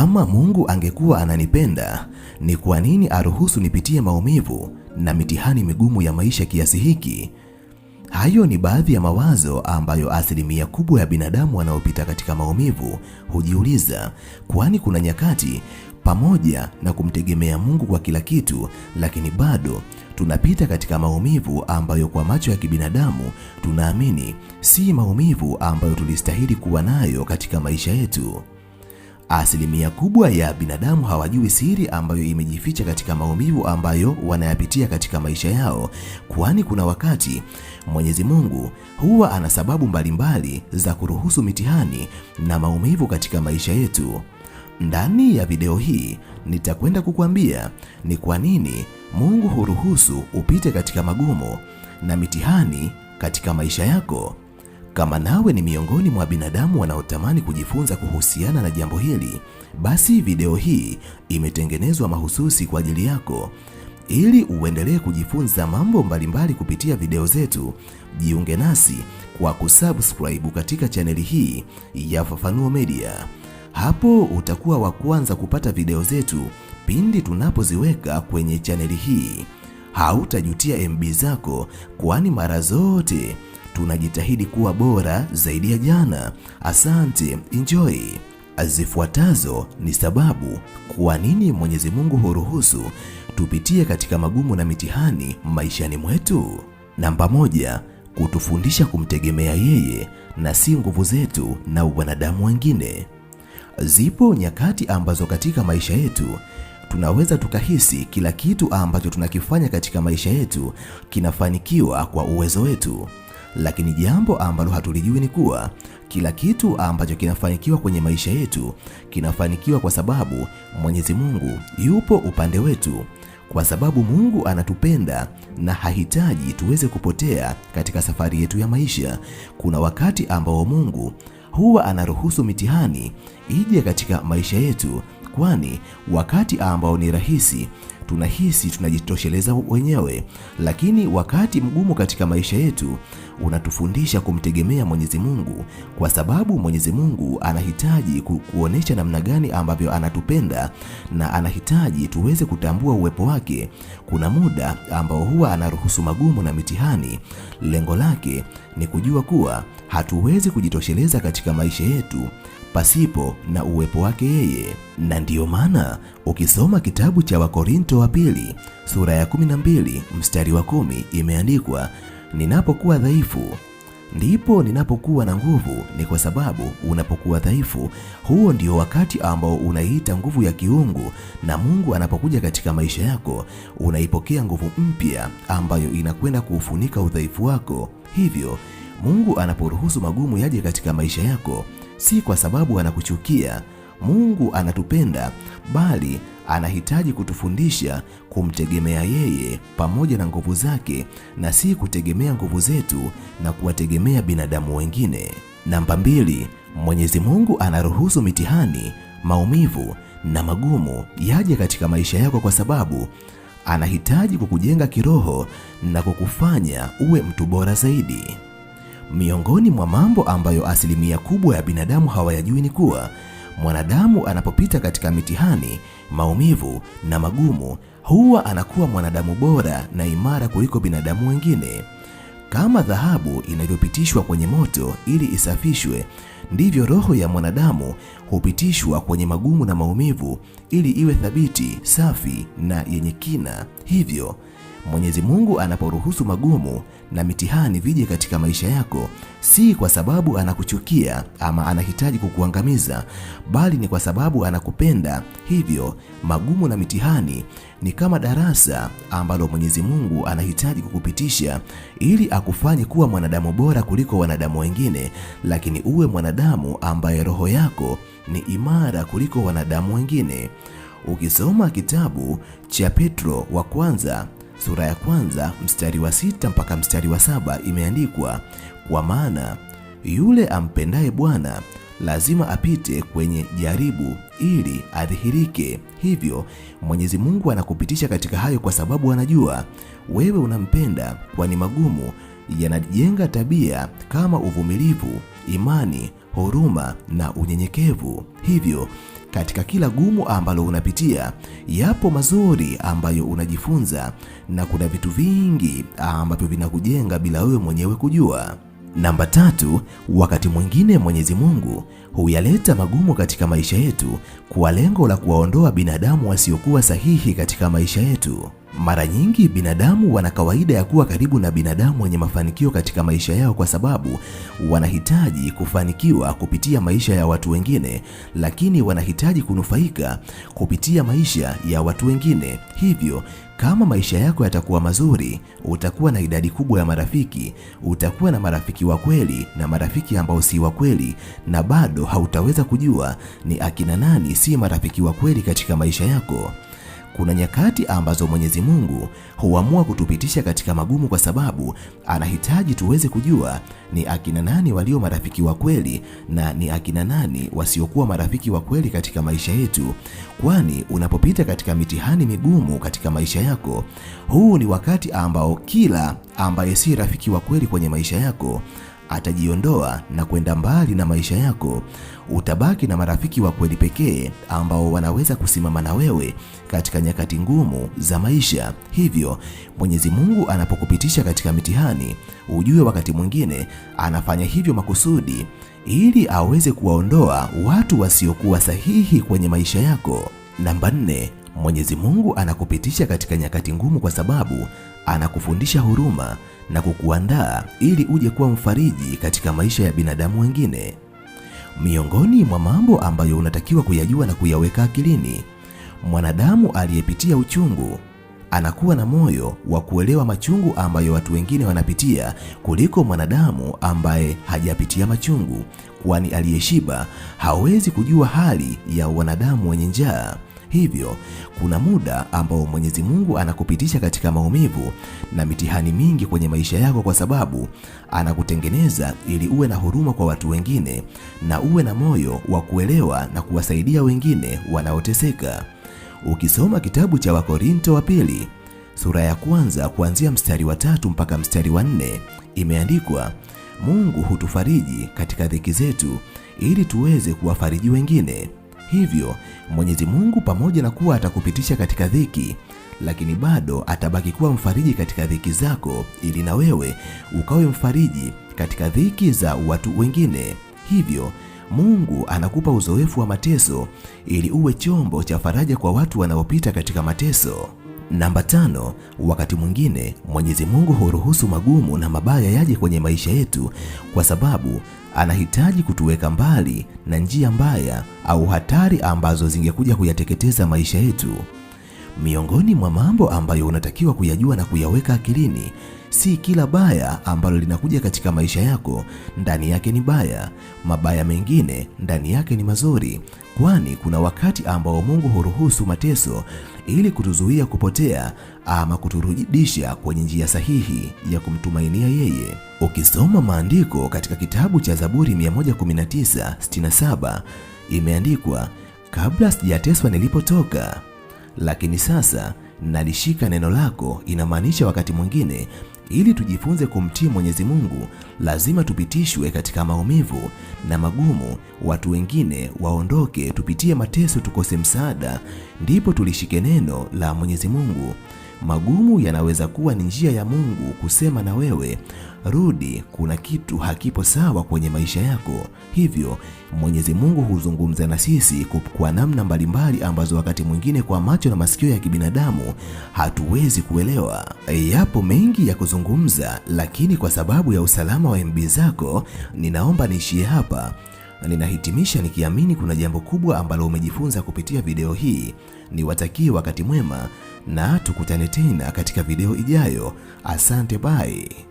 Kama Mungu angekuwa ananipenda, ni kwa nini aruhusu nipitie maumivu na mitihani migumu ya maisha kiasi hiki? Hayo ni baadhi ya mawazo ambayo asilimia kubwa ya binadamu wanaopita katika maumivu hujiuliza, kwani kuna nyakati pamoja na kumtegemea Mungu kwa kila kitu, lakini bado tunapita katika maumivu ambayo kwa macho ya kibinadamu tunaamini si maumivu ambayo tulistahili kuwa nayo katika maisha yetu. Asilimia kubwa ya binadamu hawajui siri ambayo imejificha katika maumivu ambayo wanayapitia katika maisha yao, kwani kuna wakati Mwenyezi Mungu huwa ana sababu mbalimbali za kuruhusu mitihani na maumivu katika maisha yetu. Ndani ya video hii nitakwenda kukuambia ni kwa nini Mungu huruhusu upite katika magumu na mitihani katika maisha yako. Kama nawe ni miongoni mwa binadamu wanaotamani kujifunza kuhusiana na jambo hili, basi video hii imetengenezwa mahususi kwa ajili yako. Ili uendelee kujifunza mambo mbalimbali kupitia video zetu, jiunge nasi kwa kusubscribe katika chaneli hii ya Fafanuo Media. Hapo utakuwa wa kwanza kupata video zetu pindi tunapoziweka kwenye chaneli hii. Hautajutia MB zako, kwani mara zote tunajitahidi kuwa bora zaidi ya jana. Asante, enjoy. Zifuatazo ni sababu kwa nini Mwenyezi Mungu huruhusu tupitie katika magumu na mitihani maishani mwetu. Namba moja, kutufundisha kumtegemea yeye na si nguvu zetu na wanadamu wengine. Zipo nyakati ambazo katika maisha yetu tunaweza tukahisi kila kitu ambacho tunakifanya katika maisha yetu kinafanikiwa kwa uwezo wetu, lakini jambo ambalo hatulijui ni kuwa kila kitu ambacho kinafanikiwa kwenye maisha yetu kinafanikiwa kwa sababu Mwenyezi Mungu yupo upande wetu, kwa sababu Mungu anatupenda na hahitaji tuweze kupotea katika safari yetu ya maisha. Kuna wakati ambao Mungu huwa anaruhusu mitihani ije katika maisha yetu kwani wakati ambao ni rahisi tunahisi tunajitosheleza wenyewe, lakini wakati mgumu katika maisha yetu unatufundisha kumtegemea Mwenyezi Mungu, kwa sababu Mwenyezi Mungu anahitaji kuonesha namna gani ambavyo anatupenda na anahitaji tuweze kutambua uwepo wake. Kuna muda ambao huwa anaruhusu magumu na mitihani, lengo lake ni kujua kuwa hatuwezi kujitosheleza katika maisha yetu pasipo na uwepo wake yeye. Na ndiyo maana ukisoma kitabu cha Wakorinto wa pili sura ya 12 mstari wa kumi imeandikwa, ninapokuwa dhaifu ndipo ninapokuwa na nguvu. Ni kwa sababu unapokuwa dhaifu, huo ndio wakati ambao unaiita nguvu ya kiungu, na Mungu anapokuja katika maisha yako, unaipokea nguvu mpya ambayo inakwenda kuufunika udhaifu wako. Hivyo Mungu anaporuhusu magumu yaje katika maisha yako, si kwa sababu anakuchukia. Mungu anatupenda, bali anahitaji kutufundisha kumtegemea yeye pamoja na nguvu zake, na si kutegemea nguvu zetu na kuwategemea binadamu wengine. Namba mbili, Mwenyezi Mungu anaruhusu mitihani, maumivu na magumu yaje katika maisha yako kwa sababu anahitaji kukujenga kiroho na kukufanya uwe mtu bora zaidi. Miongoni mwa mambo ambayo asilimia kubwa ya binadamu hawayajui ni kuwa mwanadamu anapopita katika mitihani, maumivu na magumu, huwa anakuwa mwanadamu bora na imara kuliko binadamu wengine. Kama dhahabu inavyopitishwa kwenye moto ili isafishwe, ndivyo roho ya mwanadamu hupitishwa kwenye magumu na maumivu ili iwe thabiti, safi na yenye kina. Hivyo Mwenyezi Mungu anaporuhusu magumu na mitihani vije katika maisha yako, si kwa sababu anakuchukia ama anahitaji kukuangamiza, bali ni kwa sababu anakupenda. Hivyo magumu na mitihani ni kama darasa ambalo Mwenyezi Mungu anahitaji kukupitisha ili akufanye kuwa mwanadamu bora kuliko wanadamu wengine, lakini uwe mwanadamu ambaye roho yako ni imara kuliko wanadamu wengine. Ukisoma kitabu cha Petro wa kwanza sura ya kwanza mstari wa sita mpaka mstari wa saba imeandikwa, kwa maana yule ampendaye Bwana lazima apite kwenye jaribu ili adhihirike. Hivyo Mwenyezi Mungu anakupitisha katika hayo kwa sababu anajua wewe unampenda, kwani magumu yanajenga tabia kama uvumilivu, imani, huruma na unyenyekevu. Hivyo katika kila gumu ambalo unapitia, yapo mazuri ambayo unajifunza na kuna vitu vingi ambavyo vinakujenga bila wewe mwenyewe kujua. Namba tatu, wakati mwingine Mwenyezi Mungu huyaleta magumu katika maisha yetu kwa lengo la kuwaondoa binadamu wasiokuwa sahihi katika maisha yetu. Mara nyingi binadamu wana kawaida ya kuwa karibu na binadamu wenye mafanikio katika maisha yao kwa sababu wanahitaji kufanikiwa kupitia maisha ya watu wengine, lakini wanahitaji kunufaika kupitia maisha ya watu wengine. Hivyo, kama maisha yako yatakuwa mazuri, utakuwa na idadi kubwa ya marafiki, utakuwa na marafiki wa kweli na marafiki ambao si wa kweli, na bado hautaweza kujua ni akina nani si marafiki wa kweli katika maisha yako kuna nyakati ambazo Mwenyezi Mungu huamua kutupitisha katika magumu kwa sababu anahitaji tuweze kujua ni akina nani walio marafiki wa kweli na ni akina nani wasiokuwa marafiki wa kweli katika maisha yetu, kwani unapopita katika mitihani migumu katika maisha yako, huu ni wakati ambao kila ambaye si rafiki wa kweli kwenye maisha yako atajiondoa na kwenda mbali na maisha yako. Utabaki na marafiki wa kweli pekee ambao wanaweza kusimama na wewe katika nyakati ngumu za maisha. Hivyo Mwenyezi Mungu anapokupitisha katika mitihani, ujue wakati mwingine anafanya hivyo makusudi ili aweze kuwaondoa watu wasiokuwa sahihi kwenye maisha yako. Namba nne, Mwenyezi Mungu anakupitisha katika nyakati ngumu kwa sababu anakufundisha huruma na kukuandaa ili uje kuwa mfariji katika maisha ya binadamu wengine. Miongoni mwa mambo ambayo unatakiwa kuyajua na kuyaweka akilini, mwanadamu aliyepitia uchungu anakuwa na moyo wa kuelewa machungu ambayo watu wengine wanapitia kuliko mwanadamu ambaye hajapitia machungu, kwani aliyeshiba hawezi kujua hali ya wanadamu wenye njaa. Hivyo kuna muda ambao Mwenyezi Mungu anakupitisha katika maumivu na mitihani mingi kwenye maisha yako, kwa sababu anakutengeneza ili uwe na huruma kwa watu wengine na uwe na moyo wa kuelewa na kuwasaidia wengine wanaoteseka. Ukisoma kitabu cha Wakorinto wa pili sura ya kwanza kuanzia mstari wa tatu mpaka mstari wa nne imeandikwa, Mungu hutufariji katika dhiki zetu ili tuweze kuwafariji wengine. Hivyo Mwenyezi Mungu pamoja na kuwa atakupitisha katika dhiki, lakini bado atabaki kuwa mfariji katika dhiki zako, ili na wewe ukawe mfariji katika dhiki za watu wengine. Hivyo Mungu anakupa uzoefu wa mateso ili uwe chombo cha faraja kwa watu wanaopita katika mateso. Namba tano, wakati mwingine Mwenyezi Mungu huruhusu magumu na mabaya yaje kwenye maisha yetu kwa sababu anahitaji kutuweka mbali na njia mbaya au hatari ambazo zingekuja kuyateketeza maisha yetu. Miongoni mwa mambo ambayo unatakiwa kuyajua na kuyaweka akilini Si kila baya ambalo linakuja katika maisha yako ndani yake ni baya. Mabaya mengine ndani yake ni mazuri, kwani kuna wakati ambao Mungu huruhusu mateso ili kutuzuia kupotea ama kuturudisha kwenye njia sahihi ya kumtumainia yeye. Ukisoma maandiko katika kitabu cha Zaburi 119:67 imeandikwa, kabla sijateswa nilipotoka, lakini sasa nalishika neno lako. Inamaanisha wakati mwingine ili tujifunze kumtii Mwenyezi Mungu, lazima tupitishwe katika maumivu na magumu, watu wengine waondoke, tupitie mateso, tukose msaada, ndipo tulishike neno la Mwenyezi Mungu. Magumu yanaweza kuwa ni njia ya Mungu kusema na wewe, rudi, kuna kitu hakipo sawa kwenye maisha yako. Hivyo Mwenyezi Mungu huzungumza na sisi kwa namna mbalimbali ambazo wakati mwingine kwa macho na masikio ya kibinadamu hatuwezi kuelewa. Yapo mengi ya kuzungumza, lakini kwa sababu ya usalama wa MB zako, ninaomba niishie hapa na ninahitimisha nikiamini kuna jambo kubwa ambalo umejifunza kupitia video hii. Niwatakie wakati mwema na tukutane tena katika video ijayo. Asante, bye.